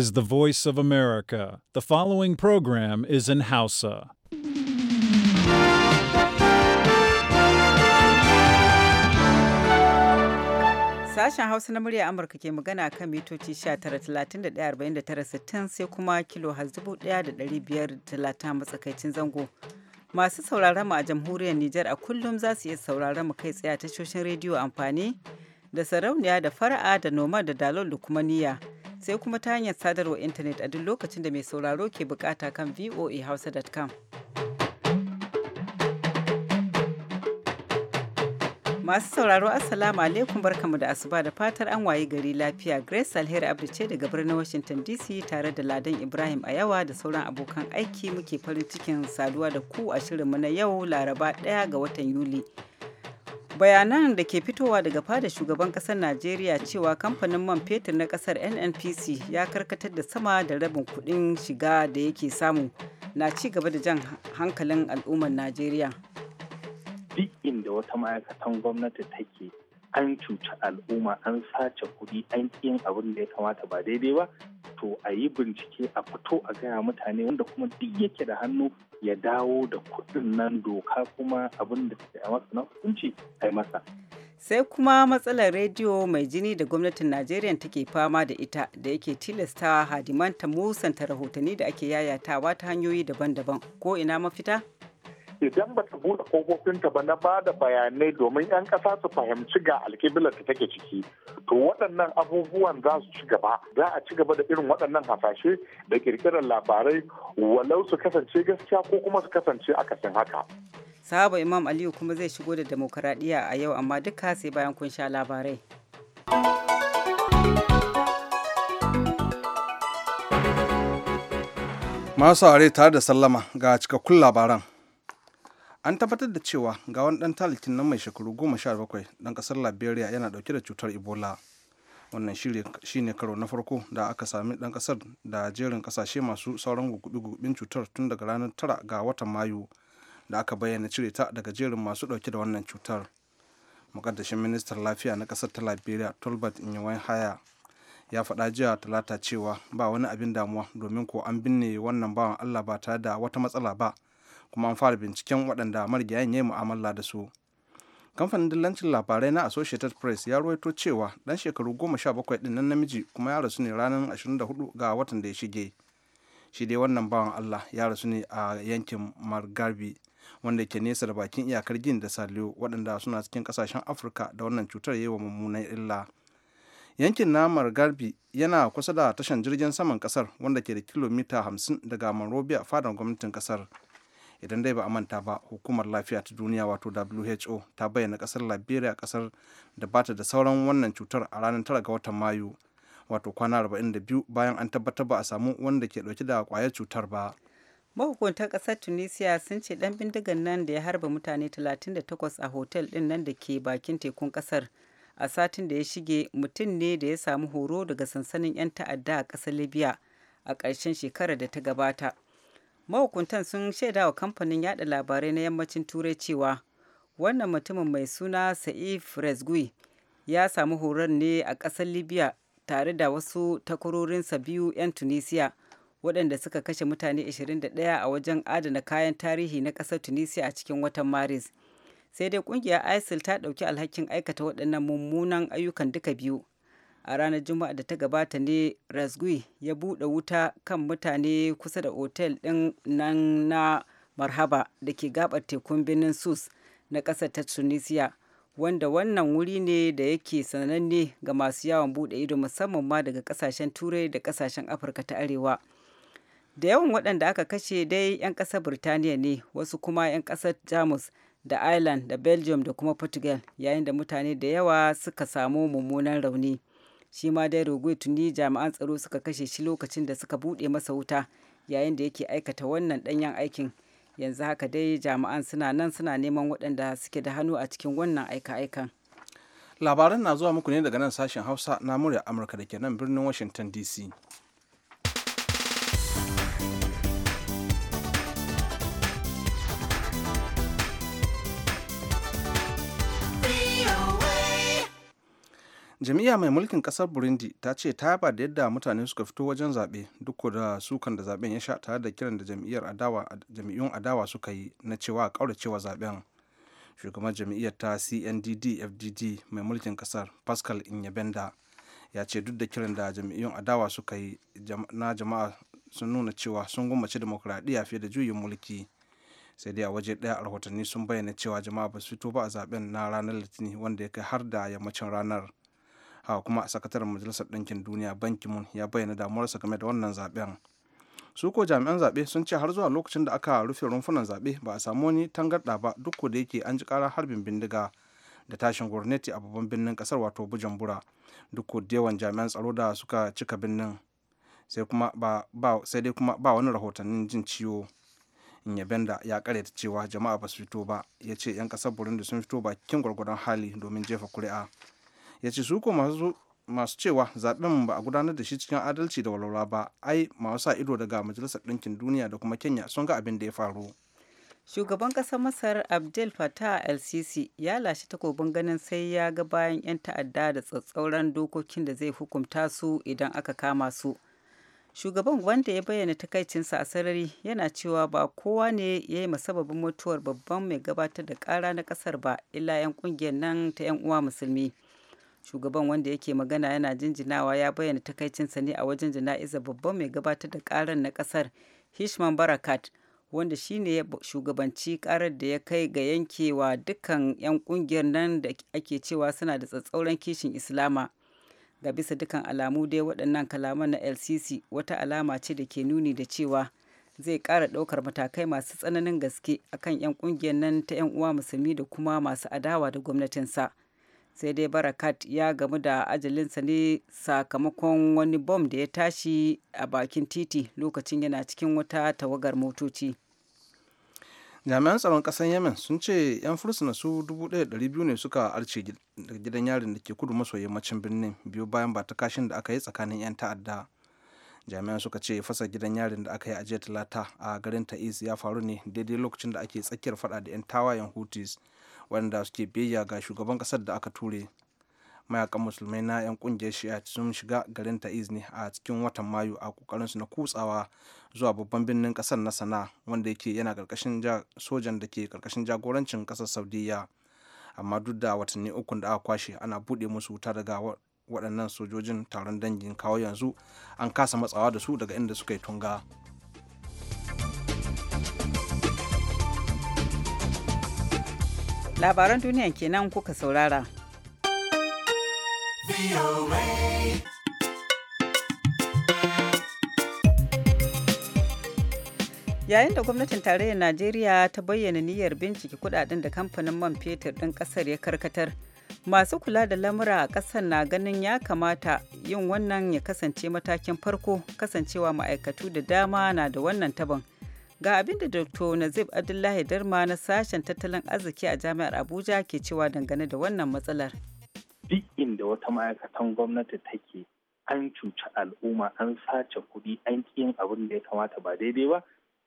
is the voice of America. The following program is in Hausa. Sashen Hausa na murya Amurka ke magana kan mitoci 19,31,49,60 sai kuma kilo talatin matsakaicin zango. Masu sauraron mu a jamhuriyar Nijar a kullum za su iya sauraron mu kai tsaye a tashoshin rediyo amfani da sarauniya da fara'a da noma da dalol da kuma niyya. sai kuma ta hanyar sadarwa intanet a duk lokacin da mai sauraro ke bukata kan voahausa.com. Masu sauraro Assalamu alaikum barkamu da asuba da fatar an waye gari lafiya Grace Alheri abdu ce daga birnin Washington DC tare da Ladan Ibrahim Ayawa da sauran abokan aiki muke farin cikin saduwa da ku a shirinmu na yau Laraba 1 ga watan Yuli. bayanan da ke fitowa daga fada shugaban kasar najeriya cewa kamfanin man fetur na kasar nnpc ya karkatar da sama da rabin kudin shiga da yake samu na ci gaba da jan hankalin al'ummar najeriya duk inda wata ma'aikatan gwamnati take an cuci al'umma an sace kuɗi an yin abin da ya kamata ba daidai ba to a yi bincike a fito a gaya mutane wanda kuma duk yake da hannu ya dawo da kudin nan doka kuma abin da ta masa na hukunci a masa. Sai kuma matsalar rediyo mai jini da gwamnatin Najeriya take fama da ita da yake tilasta hadimanta musanta rahotanni da ake yayatawa ta hanyoyi daban-daban ko ina mafita? idan bata ta buɗe kofofinta ba na ba da bayanai domin 'yan ƙasa su fahimci ga alƙiblar ta take ciki to waɗannan abubuwan za su ci gaba za a ci gaba da irin waɗannan hasashe da ƙirƙirar labarai walau su kasance gaskiya ko kuma su kasance akasin haka. Sahaba Imam Aliyu kuma zai shigo da demokuraɗiyya a yau amma duka sai bayan kun sha labarai. Masu are tare da sallama ga cikakkun labaran. an tabbatar da cewa ga wani dan talitin nan mai shekaru goma sha bakwai dan kasar liberia yana dauke da cutar ebola wannan shi ne karo na farko da aka sami dan kasar da jerin kasashe masu sauran gugubin cutar tun daga ranar tara ga watan mayu da aka bayyana cire ta daga jerin masu dauke da wannan cutar mukaddashin ministan lafiya na kasar ta liberia tolbert inyawan haya ya faɗa jiya talata cewa ba wani abin damuwa domin ko an binne wannan bawan allah ba tare da wata matsala ba kuma an fara binciken waɗanda marigayen ya yi mu'amala da su kamfanin dillancin labarai na associated press ya ruwaito cewa dan shekaru goma sha bakwai din nan namiji kuma ya rasu ne ranar da hudu ga watan da ya shige shi dai wannan bawan allah ya rasu ne a yankin margarbi wanda ke nesa da bakin iyakar gin da saliyo waɗanda suna cikin kasashen afirka da wannan cutar yi wa mummunan illa yankin na margarbi yana kusa da tashan jirgin saman kasar wanda ke da kilomita hamsin daga a fadar gwamnatin ƙasar idan dai ba a manta ba hukumar lafiya ta duniya wato who ta bayyana kasar liberia kasar da bata da sauran wannan cutar a ranar tara ga watan mayu wato kwana 42 bayan an tabbatar ba a samu wanda ke dauke da kwayar cutar ba mahukuntar kasar tunisia sun ce dan bindigan nan da ya harba mutane 38 a hotel din nan da ke bakin tekun kasar a satin da ya shige mutum ne da ya samu horo daga sansanin 'yan ta'adda a kasar libya a ƙarshen shekarar da ta gabata mahukuntan sun shaida wa kamfanin yada labarai na yammacin turai cewa wannan mutumin mai suna sa'if rezgui ya samu horar ne a ƙasar libya tare da wasu takwarorinsa biyu 'yan tunisia waɗanda suka kashe mutane 21 a wajen adana kayan tarihi na ƙasar tunisia a cikin watan maris sai dai ƙungiyar isil ta ɗauki alhakin aikata waɗannan mummunan ayyukan duka biyu a ranar juma'a da ta gabata ne razgui ya buɗe wuta kan mutane kusa da otel din nan na marhaba da ke gabar tekun birnin sus na kasar ta tunisia wanda wannan wuri ne da yake sananne ga masu yawon buɗe ido musamman ma daga ƙasashen turai da ƙasashen afirka ta arewa da yawan waɗanda aka kashe dai 'yan ƙasar birtaniya ne wasu kuma 'yan ƙasar jamus da ireland da belgium da kuma portugal yayin da mutane da yawa suka samu mummunan rauni shi ma dai rogui tuni jami'an tsaro suka kashe shi lokacin da suka buɗe masa wuta yayin da yake aikata wannan ɗanyen aikin yanzu haka dai jami'an suna nan suna neman waɗanda suke da hannu a cikin wannan aika-aikan labaran na zuwa muku ne daga nan sashen hausa na murya amurka da ke nan birnin washington dc jami'a mai mulkin kasar burundi ta ce ta yaba da yadda mutane suka fito wajen zaɓe duk da sukan da zaɓen ya sha tare da kiran da jami'ar adawa jami'un adawa suka yi na cewa kauracewa zaɓen shugaban jam'iyyar ta cndd fdd mai mulkin kasar pascal inyabenda ya ce duk da kiran da jami'un adawa suka yi na jama'a sun nuna cewa sun gwammace demokuraɗiyya fiye da juyin mulki sai dai a waje ɗaya a rahotanni sun bayyana cewa jama'a ba su fito ba a zaɓen na ranar litinin wanda ya kai har da yammacin ranar haka kuma sakataren majalisar ɗinkin duniya ban mun ya bayyana damuwarsa game da wannan zaben su ko jami'an zaɓe sun ce har zuwa lokacin da aka rufe rumfunan zaɓe ba a samu wani tangarɗa ba duk da yake an ji ƙara harbin bindiga da tashin gwamnati a babban birnin kasar wato bujumbura duk da yawan jami'an tsaro da suka cika birnin sai kuma ba sai dai kuma ba wani rahotannin jin ciwo benda ya karyata cewa jama'a ba su fito ba ya ce 'yan kasar burundi sun fito bakin gwargwadon hali domin jefa kuri'a ya ce su ko masu cewa zaben ba a gudanar da shi cikin adalci da walwala ba ai masu sa ido daga majalisar ɗinkin duniya da kuma kenya sun ga abin da ya faru shugaban ƙasar masar abdel fattah el-sisi ya lashe takobin ganin sai ya ga bayan 'yan ta'adda da tsatsauran dokokin da zai hukunta su idan aka kama su shugaban wanda ya bayyana takaicinsa a sarari yana cewa ba kowa ne ya yi masababin mutuwar babban mai gabatar da kara na kasar ba illa 'yan kungiyar nan ta 'yan uwa musulmi shugaban wanda yake magana yana jinjinawa ya bayyana takaicinsa ne a wajen jana'iza babban mai gabatar da karar na kasar hishman barakat wanda shine ya shugabanci karar da ya kai ga yankewa dukkan 'yan kungiyar nan da ake cewa suna da tsatsauran kishin islama ga bisa dukkan alamu dai waɗannan kalaman na lcc wata alama ce da ke nuni da cewa zai kara ɗaukar matakai masu tsananin gaske akan 'yan kungiyar nan ta 'yan uwa musulmi da kuma masu adawa da gwamnatinsa. sa sai dai barakat ya gamu da ajalinsa ne sakamakon wani bom da ya tashi a bakin titi lokacin yana cikin wata tawagar motoci jami'an tsaron ƙasar yemen sun ce 'yan fursuna su 1,200 ne suka arce gidan yarin da ke kudu maso yammacin birnin biyu bayan ba ta kashin da aka yi tsakanin 'yan ta'adda jami'an suka ce fasa gidan yarin da aka yi a talata a garin ta'iz ya faru ne daidai lokacin da ake tsakiyar fada da 'yan tawayen hutus waɗanda suke biyayya ga shugaban ƙasar da aka ture mayakan musulmai na 'yan ƙungiyar shi'a sun shiga garin ta'iz ne a cikin watan mayu a su na kutsawa zuwa babban birnin kasar na sana wanda yake yana karkashin sojan da ke karkashin jagorancin ƙasar saudiya amma duk da watanni ukun da aka kwashe ana buɗe musu wuta daga waɗannan sojojin taron dangin kawo yanzu an kasa matsawa da su daga inda suka yi tunga. labaran duniya kenan kuka saurara yayin da gwamnatin tarayyar najeriya ta bayyana niyyar bincike kudaden da kamfanin man fetur ɗin ƙasar ya karkatar masu kula da lamura a ƙasar na ganin ya kamata yin wannan ya kasance matakin farko kasancewa ma'aikatu da dama na da wannan tabon. Ga abin da Dr. Nazib Abdullahi Darma na sashen tattalin arziki a Jami'ar Abuja ke cewa dangane da wannan matsalar. Duk inda wata ma'aikatan gwamnati take an cuci al'umma an sace kuɗi an yin abin da ya kamata ba daidai ba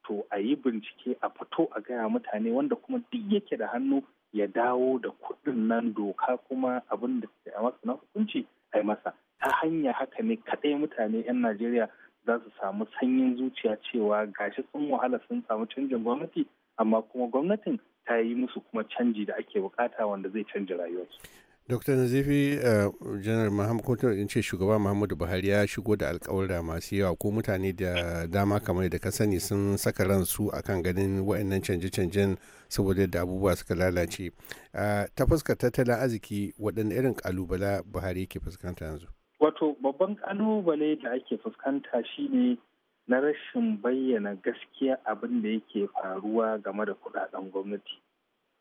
to a yi bincike a fito a gaya mutane wanda kuma duk yake da hannu ya dawo da kuɗin nan doka kuma abin da ya masa na hukunci a yi masa ta hanya haka ne kaɗai mutane 'yan najeriya za su samu sanyin zuciya cewa gashi sun wahala sun samu canjin gwamnati amma kuma gwamnatin ta yi musu kuma canji da ake bukata wanda zai canja rayuwarsu. Dr. Nazifi eh, Janar Muhammad in ce shugaba Muhammadu Buhari ya shigo da alkawarra masu yawa ko mutane da dama kamar da ka sani sun saka ransu akan ganin waɗannan canje-canjen saboda yadda abubuwa suka lalace. Eh, ta fuskar tattalin arziki waɗanne irin kalubala Buhari ke fuskanta yanzu? Wato babban ƙalubale da ake fuskanta shine na rashin bayyana gaskiya abin da yake faruwa game da kudaden gwamnati.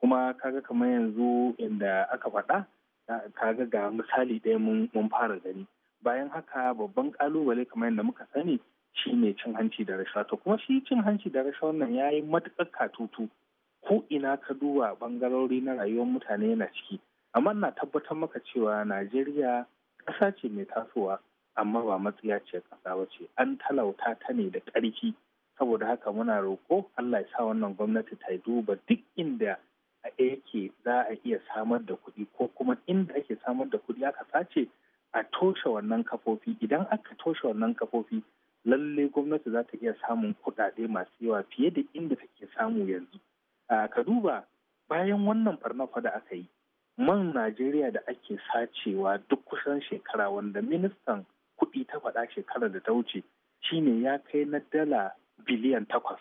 Kuma kaga kamar yanzu inda aka faɗa, kaga ga misali ɗaya mun fara gani. Bayan haka babban kalubale kamar yadda muka sani shine cin hanci da rashawa. To kuma shi cin hanci da rashawa nan ya yi matuƙar katutu. Ko ina ka duba ɓangarori na rayuwar mutane yana ciki. Amma na tabbatar maka cewa Najeriya ƙasa ce mai tasowa amma ba ce ƙasa ba ce an talauta ta ne da ƙarfi saboda haka muna roƙo Allah ya sa wannan gwamnati ta duba duk inda yake za a iya samar da kuɗi ko kuma inda ake samar da kuɗi aka sace a toshe wannan kafofi idan aka toshe wannan kafofi lalle gwamnati za ta iya samun kuɗaɗe masu yawa fiye da inda take samu yanzu ka duba bayan wannan farnafa da aka yi man Najeriya da ake sacewa duk kusan shekara wanda ministan kuɗi ta faɗa shekarar da ta wuce shine ya kai na dala biliyan takwas.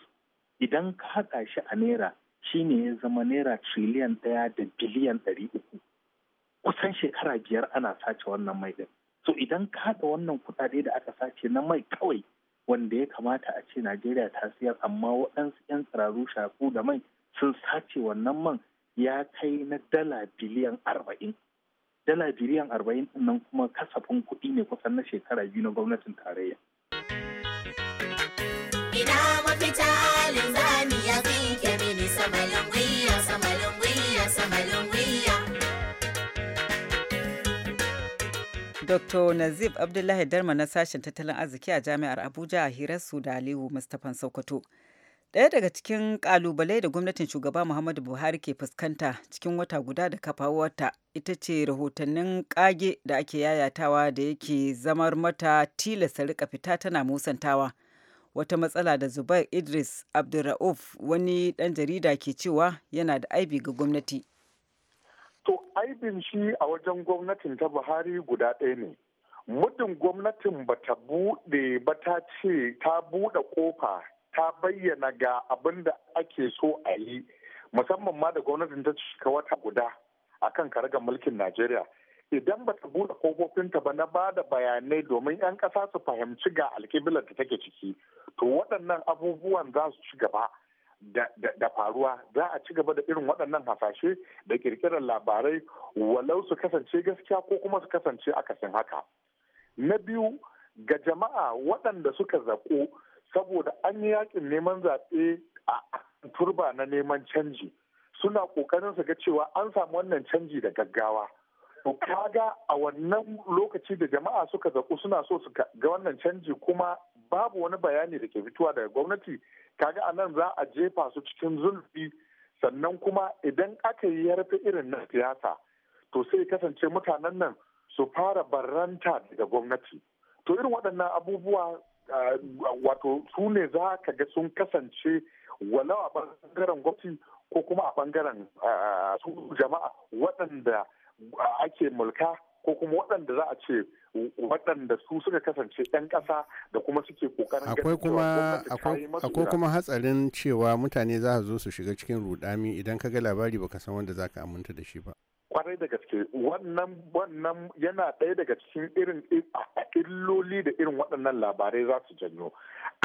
Idan ka haɗa shi a naira shine ya zama naira triliyan ɗaya da biliyan ɗari uku. Kusan shekara biyar ana sace wannan mai ɗin. So idan ka haɗa wannan kuɗaɗe da aka sace na mai kawai wanda ya kamata a ce Najeriya ta siyar amma waɗansu 'yan tsiraru shafu da mai sun sace wannan man ya kai na dala biliyan arba'in dala biliyan arba'in nan kuma kasafin kuɗi ne kusan na shekara biyu na gwamnatin tarayya ina mafita linzami ya mini samalin wiya samalin wiya samalin wiya Dr. Nazib Abdullahi Darma na sashen tattalin arziki a Jami'ar Abuja a su da Aliyu Mustapha Sokoto. daya daga cikin ƙalubale da gwamnatin shugaba Muhammadu Buhari ke fuskanta cikin wata guda da kafawarta ita ce rahotannin ƙage da ake yayatawa da yake zamar mata tilasta rika fita tana musantawa. Wata matsala da Zubair Idris Abdulra'uf wani ɗan jarida ke cewa yana da aibi ga gwamnati. To aibin shi a wajen gwamnatin ta Buhari guda ɗaya ne. Muddin gwamnatin ba ta buɗe ba ta ce ta buɗe ƙofa ta bayyana ga abin da ake so a yi musamman ma da gwamnatin ta cika wata guda a kan karagar mulkin najeriya idan ba ta buɗe kofofinta ba na ba da bayanai domin 'yan ƙasa su fahimci ga alkiblar da take ciki to waɗannan abubuwan za su ci gaba da faruwa za a ci gaba da irin waɗannan hasashe da ƙirƙirar labarai walau su kasance gaskiya ko kuma su kasance akasin haka na biyu ga jama'a waɗanda suka zaƙo saboda an yi yakin neman zaɓe a turba na neman canji suna ƙoƙarin su ga cewa an samu wannan canji da gaggawa to kaga a wannan lokaci da jama'a suka zaku suna so su ga wannan canji kuma babu wani bayani da ke fitowa daga gwamnati kaga anan za a jefa su cikin zulfi sannan kuma idan aka yi yarfe irin na siyasa to sai kasance mutanen nan su fara barranta daga gwamnati to irin waɗannan abubuwa wato su ne za ka ga sun kasance walau a bangaren gwamnati ko kuma a bangaren su jama'a waɗanda ake mulka ko kuma waɗanda za a ce waɗanda su suka kasance 'yan ƙasa da kuma suke ƙoƙarin akwai kuma akwai kuma hatsarin cewa mutane za su zo su shiga cikin rudami idan ka ga labari baka san wanda za ka aminta da shi ba kwarai da gaske wannan wannan yana ɗaya daga cikin irin illoli da irin waɗannan labarai za su janyo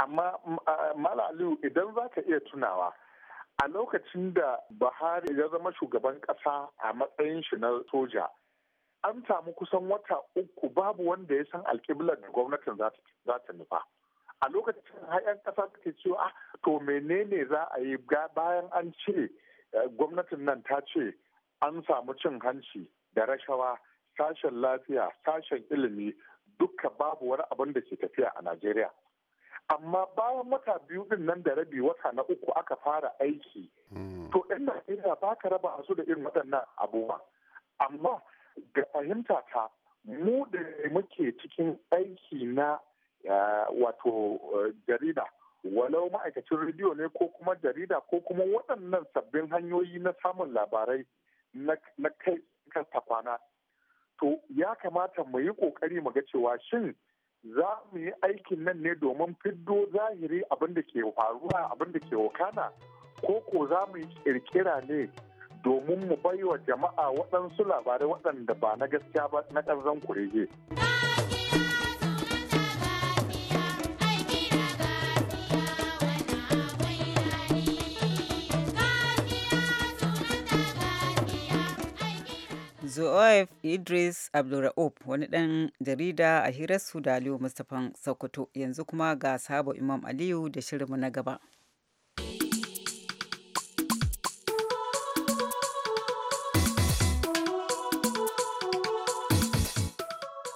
amma mm, mala aliyu idan za ka iya tunawa a lokacin da buhari ya zama shugaban ƙasa a matsayin shi na soja an samu kusan wata uku babu wanda ya san alƙiblar da gwamnatin za ta nufa a lokacin hayan ƙasa suke cewa ah, to menene za a yi bayan an cire eh, gwamnatin nan ta ce an samu cin hanci da rashawa sashen lafiya sashen ilimi duka babu wani abin da ke tafiya a najeriya amma bayan wata biyu din nan da rabi wata na uku aka fara aiki hmm. to na najeriya ba ka raba su da irin waɗannan abubuwa amma ga fahimta ta mu da muke cikin aiki na wato eh, jarida walau ma'aikacin rediyo ne ko kuma jarida ko kuma waɗannan sabbin hanyoyi na samun labarai na kai kwana to ya kamata mu yi kokari mu ga cewa shin za mu yi aikin nan ne domin fiddo zahiri abin da ke faruwa abin da ke wakana ko ko za mu yi kirkira ne domin mu bai wa jama'a waɗansu labarai waɗanda ba na gaskiya ba na ƙarzan kurege. zoef idris abdulra'ub wani ɗan jarida a hirarsu da aliyu mustapha sokoto yanzu kuma ga sabo imam aliyu da shirinmu na gaba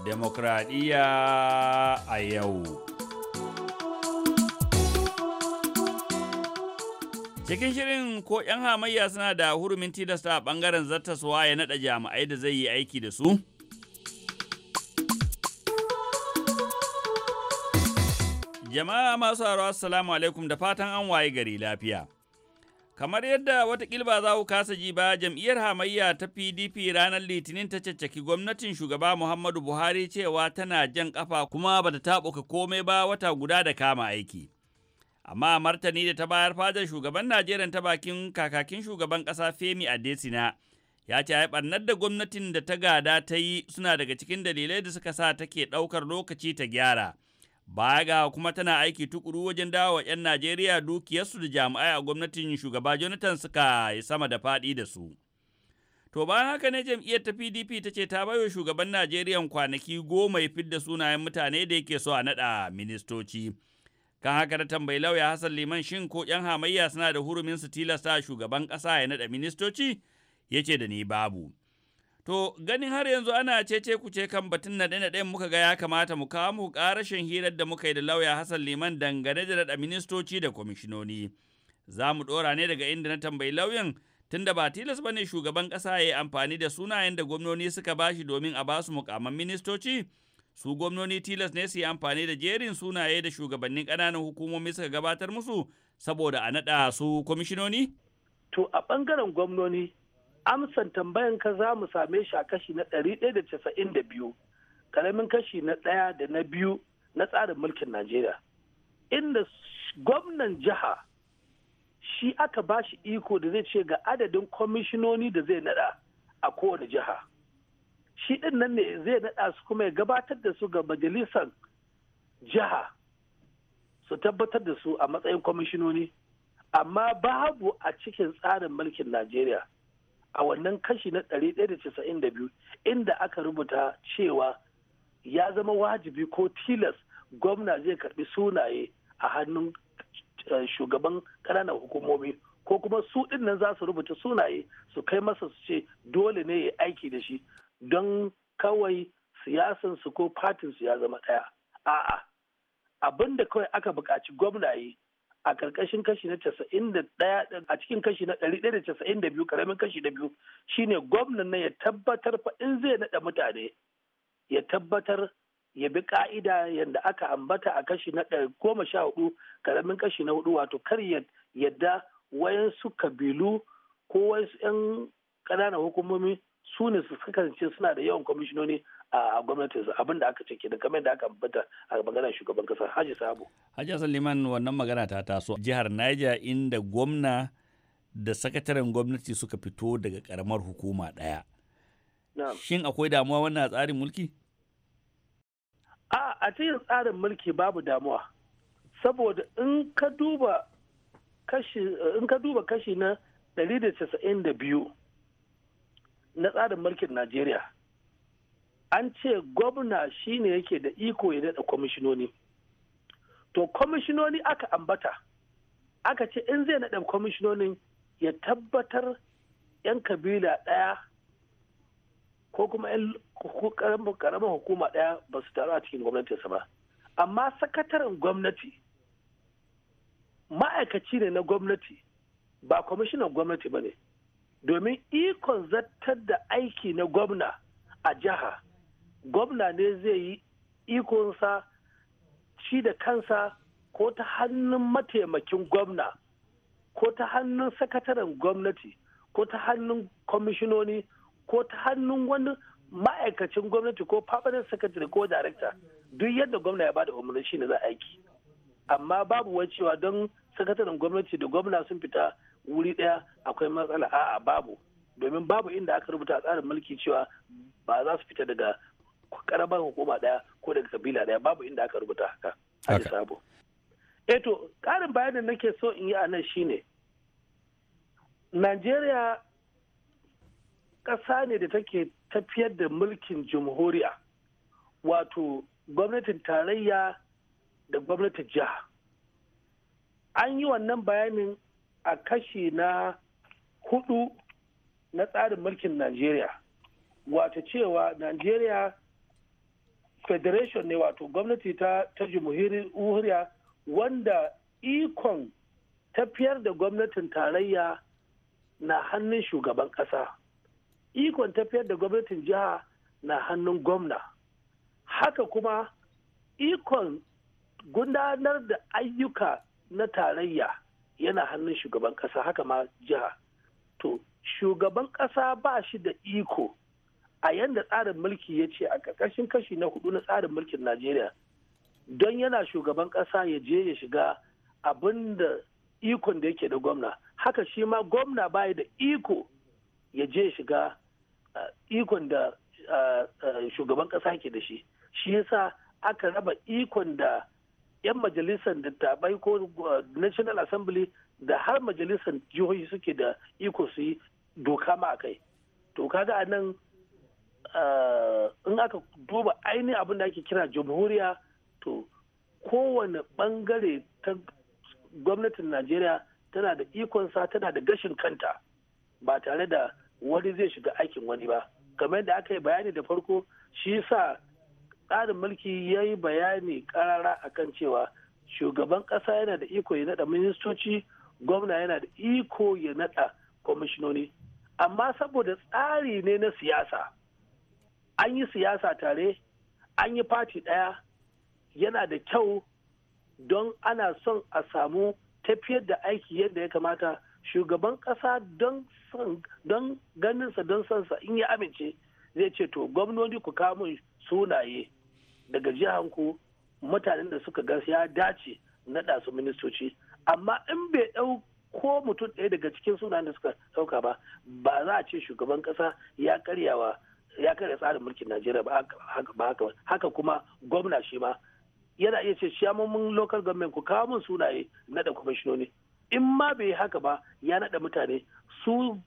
demokradiyya a yau Cikin shirin ko 'yan hamayya suna da hurumin tilasta a ɓangaren zartaswa ya naɗa jami'ai da zai yi aiki da su? Jama'a masu haro assalamu alaikum da fatan an waye gari lafiya. Kamar yadda watakil ba za ku kasa ji ba, jam'iyyar hamayya ta PDP ranar Litinin ta caccaki gwamnatin shugaba Muhammadu Buhari cewa tana jan kafa kuma bata taɓuka komai ba wata guda da kama aiki. amma martani da ta bayar fadar shugaban najeriya ta bakin kakakin shugaban kasa femi adesina ya ce ai barnar da gwamnatin da ta gada ta yi suna daga cikin dalilai da suka sa take ɗaukar lokaci ta gyara baya ga kuma tana aiki tukuru wajen dawo wa 'yan najeriya dukiyarsu da jami'ai a gwamnatin shugaba jonathan suka yi sama da faɗi da su to bayan haka ne jam'iyyar ta pdp ta ce ta baiwa shugaban najeriya kwanaki goma ya fidda sunayen mutane da yake so a naɗa ministoci. kan haka da tambayi lauya Hassan Liman shin ko ‘yan hamayya suna da hurumin su tilasta shugaban ƙasa ya naɗa ministoci? Ya ce da ni babu. To ganin har yanzu ana cece ce kan batun na ɗaya muka ga ya kamata mu kawo mu ƙarashin hirar da muka yi da lauya Hassan Liman dangane da naɗa ministoci da kwamishinoni. Za mu ɗora ne daga inda na tambayi lauyan tunda ba tilas ba ne shugaban ƙasa ya yi amfani da sunayen da gwamnoni suka bashi domin a basu mukaman ministoci. su gwamnoni tilas ne su yi amfani da jerin sunaye da shugabannin ƙananan hukumomi suka gabatar musu saboda a naɗa su kwamishinoni? To a ɓangaren gwamnoni amsan tambayan ka za mu same shi a kashi na ɗari ɗaya da casa'in da biyu ƙaramin kashi na ɗaya da na biyu na tsarin mulkin Najeriya. Inda gwamnan jiha shi aka ba shi iko da zai ce ga adadin kwamishinoni da zai naɗa a kowane jiha. shi din nan ne zai naɗa su kuma ya gabatar da su ga majalisar jiha su tabbatar da su a matsayin kwamishinoni amma babu a cikin tsarin mulkin najeriya a wannan kashi na 192 inda aka rubuta cewa ya zama wajibi ko tilas gwamna zai karbi sunaye a hannun eh, shugaban ƙananan hukumomi ko kuma su nan za su rubuta sunaye su kai masa su ce dole ne ya aiki da shi don kawai siyasansu ko fatinsu ya zama ɗaya. A'a, abin da kawai aka buƙaci yi a ƙarƙashin kashi na casa'in da ɗaya a cikin kashi na ɗari ɗaya da casa'in da biyu ƙaramin kashi na biyu shine gwamnan na ya tabbatar fa in zai naɗa mutane ya tabbatar ya bi ƙa'ida yadda aka ambata a kashi na goma sha hudu ƙaramin kashi na huɗu wato kar yadda wayansu kabilu ko wayansu 'yan ƙananan hukumomi su ne su kasance suna da yawan kwamishinoni a gwamnatin su abinda aka ce da kamar da aka ambata a maganar shugaban kasa Haji Sabo. Haji Liman wannan magana ta taso jihar Niger inda gwamna da sakataren gwamnati suka fito daga karamar hukuma ɗaya. Shin akwai damuwa wannan tsarin mulki? A a cikin tsarin mulki babu damuwa. Saboda in ka duba kashi in ka duba kashi na 192 na tsarin mulkin najeriya an ce gwamna shine yake da iko ya daɗa kwamishinoni to kwamishinoni aka ambata aka ce in zai naɗa kwamishinonin ya tabbatar 'yan kabila ɗaya ko kuma 'yan ƙaramin hukuma ɗaya ba su taru a cikin gwamnatinsa ba amma sakataren gwamnati ma'aikaci ne na gwamnati ba kwamishinan gwamnati ba ne domin ikon zartar da aiki na gwamna a jiha gwamna ne zai yi ikonsa shi da kansa ko ta hannun mataimakin gwamna ko ta hannun sakataren gwamnati ko ta hannun kwamishinoni ko ta hannun wani ma'aikacin gwamnati ko permanent sakatare ko director duk yadda gwamna ya bada umarni ne za aiki amma babu wai cewa don sakataren gwamnati da gwamna sun fita wuri ɗaya akwai matsala a'a babu domin babu inda aka rubuta a tsarin mulki cewa ba za su fita daga karabar hukuma ɗaya ko daga kabila ɗaya babu inda aka rubuta haka haka sabo e eh to ƙarin bayanin nake so in yi a nan shine najeriya ƙasa ne da take tafiyar da mulkin jamhuriya wato gwamnatin tarayya da gwamnatin jiha an yi wannan bayanin a kashi na hudu na tsarin mulkin Najeriya. Wato cewa Najeriya Federation ne wato gwamnati ta ta jamhuriya wanda ikon tafiyar da gwamnatin tarayya na hannun shugaban ƙasa. Ikon tafiyar da gwamnatin jiha na hannun gwamna. Haka kuma ikon gudanar da ayyuka na tarayya yana hannun shugaban kasa haka ma jiha to shugaban kasa ba shi da iko a yanda tsarin mulki ya ce a ƙarƙashin kashi na hudu na tsarin mulkin najeriya don yana shugaban kasa ya je ya shiga abin da ikon da yake da gwamna haka shi ma gwamna baya da iko ya je ya shiga uh, ikon da uh, uh, shugaban kasa ke da shi shi yasa aka raba ikon da 'yan majalisar dattabai ko uh, national assembly da har majalisar jihohi suke da iko su yi doka ma kai to kaga a nan uh, in aka duba ainihin abin da ake kira jamhuriya to kowane bangare ta gwamnatin najeriya tana da sa tana da gashin kanta ba tare da wani zai shiga aikin wani ba kamar yadda aka yi bayani da farko shi sa tsarin mulki ya yi bayani karara akan cewa shugaban kasa yana da iko ya naɗa ministoci gwamna yana da iko ya naɗa kwamishinoni amma saboda tsari ne na siyasa an yi siyasa tare an yi fati daya yana da kyau don ana son a samu tafiyar da aiki yadda ya kamata shugaban kasa don ganinsa don sansa in yi amince zai ce to gwamnoni ku kamun sunaye daga jihar ku mutanen da suka gas ya dace naɗa su ministoci amma in bai ɗauko ko mutum ɗaya daga cikin sunayen da suka ɗauka ba ba za a ce shugaban ƙasa ya karyawa ya karya tsarin mulkin najeriya ba haka ba haka kuma gwamna shi ma yana iya ce mun local government ku kawo min sunaye naɗa kwamishinoni in ma bai haka ba ya naɗa mutane su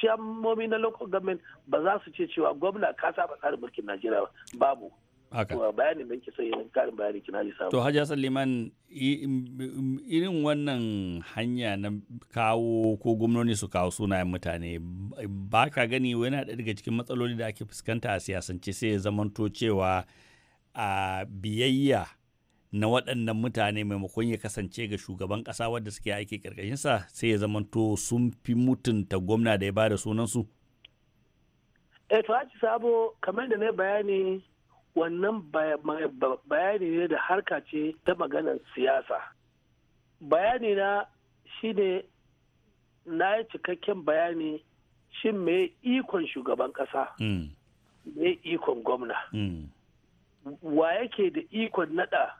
ciyamomi na local government ba za su ce cewa gwamna ka saba tsarin mulkin najeriya babu haka bayanin da yin karin bayani kina ji samu to Hajji saliman irin wannan hanya na kawo ko gwamnoni su kawo sunayen mutane ba ka gani yana ɗaya daga cikin matsaloli da ake fuskanta a siyasance sai ya zamanto cewa a biyayya na waɗannan mutane maimakon ya kasance ga shugaban ƙasa wadda suke aiki ƙarƙashinsa sai ya zamanto sun fi mutunta gwamna da ya ba da sunansu? eto eh, to sabo kamar da na bayani wannan bayani ne da harka ce ta maganar siyasa bayani na ne na yi cikakken bayani shi mai ikon shugaban kasa mai mm. ikon gwamna mm. wa yake da ikon nada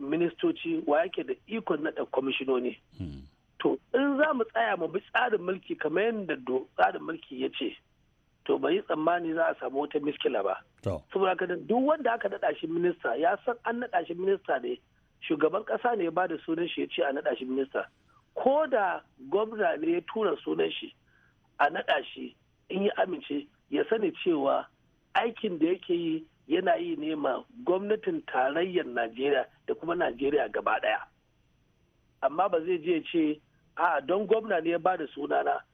ministoci wa yake da ikon nada kwamishinoni mm. to in za mu tsaya mu bi tsarin mulki kamar yadda tsarin mulki ya ce to bai tsammani za a samu wata miskila ba saboda haka duk wanda aka naɗa shi minista ya san an naɗa shi minista ne shugaban ƙasa ne ba da sunan shi ya ce a naɗa shi minista ko da gwamna ne ya tura sunan shi a naɗa shi in yi amince ya sani cewa aikin da yake yi yana yi ne ma gwamnatin tarayyar najeriya da kuma najeriya gaba ɗaya amma ba zai je ce a don gwamna ne ya ba da sunana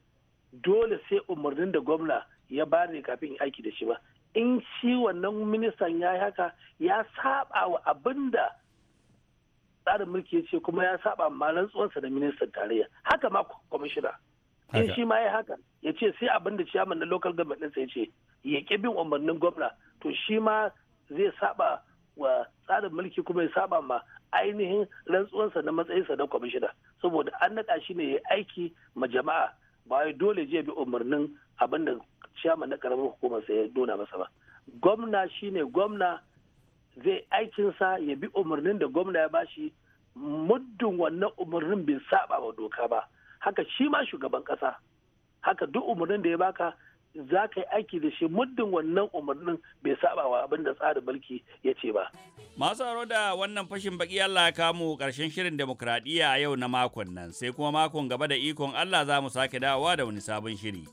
dole sai umarnin da gwamna ya ba ni kafin aiki da shi ba in shi wannan ministan ya yi haka ya saba wa abin da tsarin mulki ya ce kuma ya saba ma rantsuwarsa da ministan tarayya haka ma kwamishina in shi ma ya haka ya ce sai abin da ciyaman na local government ɗinsa ya ce ya ƙi bin umarnin gwamna to shi ma zai saba wa tsarin mulki kuma ya saba ma ainihin rantsuwansa na matsayinsa na kwamishina saboda an naɗa shi ne ya aiki ma jama'a ba dole je bi umarnin abin da ciyaman na karamar hukumar sa ya nuna masa ba gwamna shine gwamna zai aikin sa ya bi umarnin da gwamna ya bashi muddin wannan umarnin bai saba wa doka ba haka shi ma shugaban kasa haka duk umarnin da ya baka za ka yi aiki da shi muddin wannan umarnin bai saba wa abin da tsarin mulki ya ce ba. Masu haro da wannan fashin baki Allah ya kamo karshen shirin demokradiyya a yau na makon nan sai kuma makon gaba da ikon Allah za mu sake dawowa da wani sabon shiri.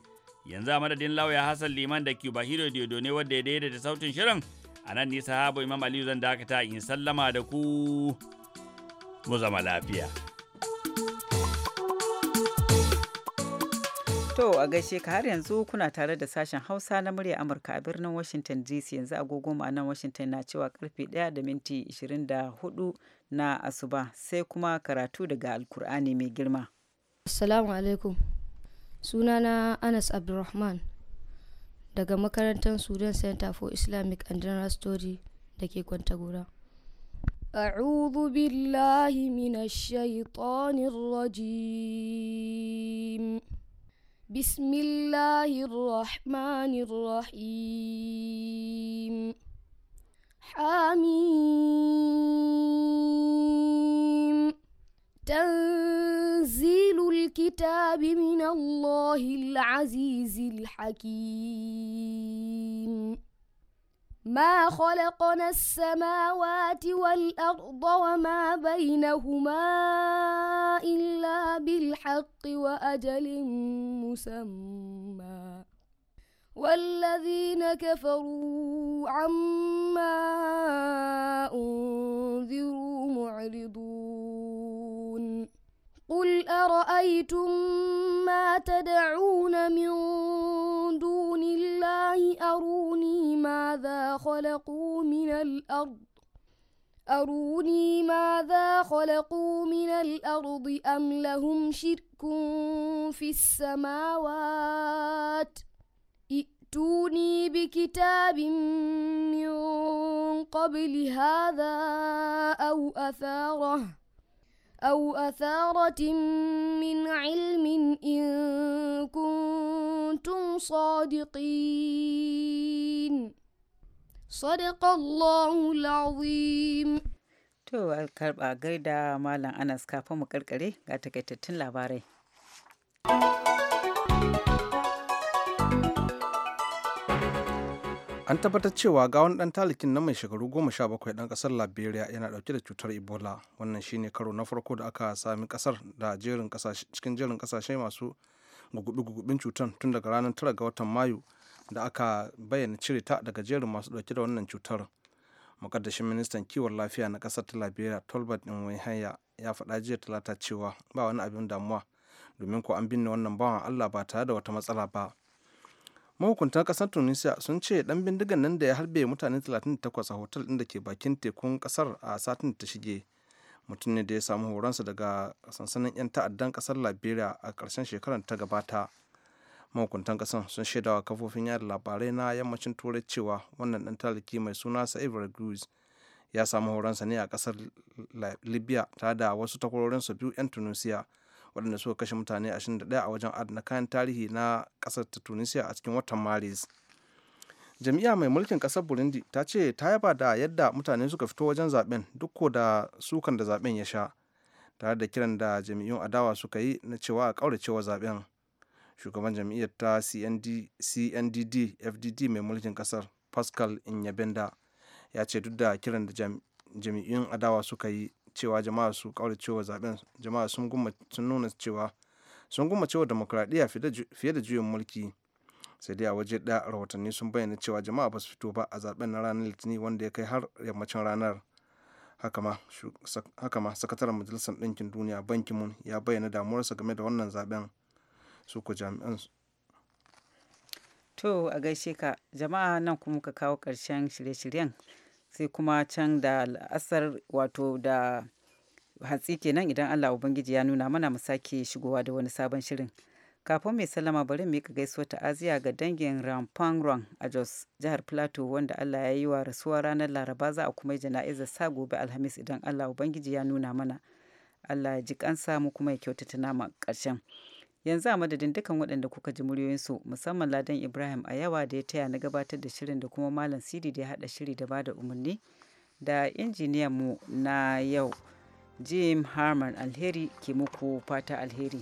Yanzu a madadin lauya Hassan Liman da Cuba Hiro Diodo ne wanda ya daidaita sautin shirin a nan nisa habu Imam Aliyu zan dakata in sallama da ku mu zama lafiya. To a gaishe ka har yanzu kuna tare da sashen Hausa na murya Amurka a birnin Washington DC yanzu agogo nan Washington na cewa karfe 1 da minti 24 na asuba sai kuma karatu daga Alkur'ani mai girma. Assalamu alaikum. Sunana Anas Abdulrahman daga makarantar Sudan Center for Islamic and General Study da ke Kwantagora. أعوذ بالله من الشيطان الرجيم بسم الله الرحمن الرحيم حميم تنزيل الكتاب من الله العزيز الحكيم ما خلقنا السماوات والأرض وما بينهما إلا بالحق وأجل مسمى والذين كفروا عما أنذروا معرضون قل أرأيتم ما تدعون من دون الله أروني ماذا خلقوا من الأرض أروني ماذا خلقوا من الأرض أم لهم شرك في السماوات ائتوني بكتاب من قبل هذا أو أثاره أو أثارة من علم إن كنتم صادقين صدق الله العظيم To karɓa gaida Malam Anas kafin mu ƙarƙare ga takaitattun labarai. an tabbatar cewa ga wani dan talikin na mai shekaru goma sha bakwai dan kasar liberia yana dauke da cutar ebola wannan shine karo na farko da aka sami kasar da jerin cikin jerin kasashe masu gugubi-gugubin cutar tun daga ranar tara ga watan mayu da aka bayyana cire ta daga jerin masu dauke da wannan cutar makaddashin ministan kiwon lafiya na kasar ta liberia tolbert hanya ya faɗa jiya talata cewa ba wani abin damuwa domin ko an binne wannan bawan allah ba tare da wata matsala ba mahukuntan kasar tunisia sun ce dan bindigan nan da ya harbe mutane 38 a hotel ɗin da ke bakin tekun kasar a satin ta shige mutum ne da ya samu horonsa daga sansanin 'yan ta'addan kasar liberia a karshen shekarar ta gabata mahukuntan kasar sun shaidawa kafofin yada labarai na yammacin turai cewa wannan dan talaki mai suna sa'ib ya samu horonsa ne a kasar libya tare da wasu takwarorinsu biyu 'yan tunisia waɗanda suka kashe mutane 21 a wajen adana kayan tarihi na ƙasar ta tunisia a cikin watan maris jami'a mai mulkin ƙasar burundi ta ce ta yaba da yadda mutane suka fito wajen zaben duk ko da sukan da zaben ya sha tare da kiran da jam'iyyun adawa suka yi na cewa a ƙauracewa zaben shugaban jam'iyyar ta cndd fdd mai mulkin ƙasar pascal inyabenda ya ce duk da kiran da jam'iyyun adawa suka yi cewa jama'a su kauracewa zaben jama'a sun nuna cewa sun demokradiyya fiye da juyin mulki sai dai a waje da rahotanni sun bayyana cewa jama'a ba su fito ba a zaben na ranar litini wanda ya kai har yammacin ranar haka ma sakataren majalisar ɗinkin duniya bankin mun ya bayyana damuwarsa game da wannan zaben su ku jami'an to a gaishe ka jama'a nan kuma ka kawo ƙarshen shirye-shiryen sai kuma can da al'asar wato da hatsi kenan idan Allah Ubangiji ya nuna mana mu sake shigowa da wani sabon shirin. Kafin mai sallama bari mu ka gaisuwa ta'aziya ga dangin Rampangron a Jos jihar Plateau wanda Allah ya yi wa rasuwa ranar Laraba za a kuma yi jana'izar sa gobe Alhamis idan Allah Ubangiji ya nuna mana. Allah ya ji kansa mu kuma ya kyautata nama ƙarshen. yanzu a madadin dukkan waɗanda kuka ji muryoyinsu musamman ladan ibrahim a yawa da ya taya na gabatar da shirin da kuma malam sidi da ya haɗa shiri da ba da umarni da injiniyan mu na yau jim harman alheri ke muku fata alheri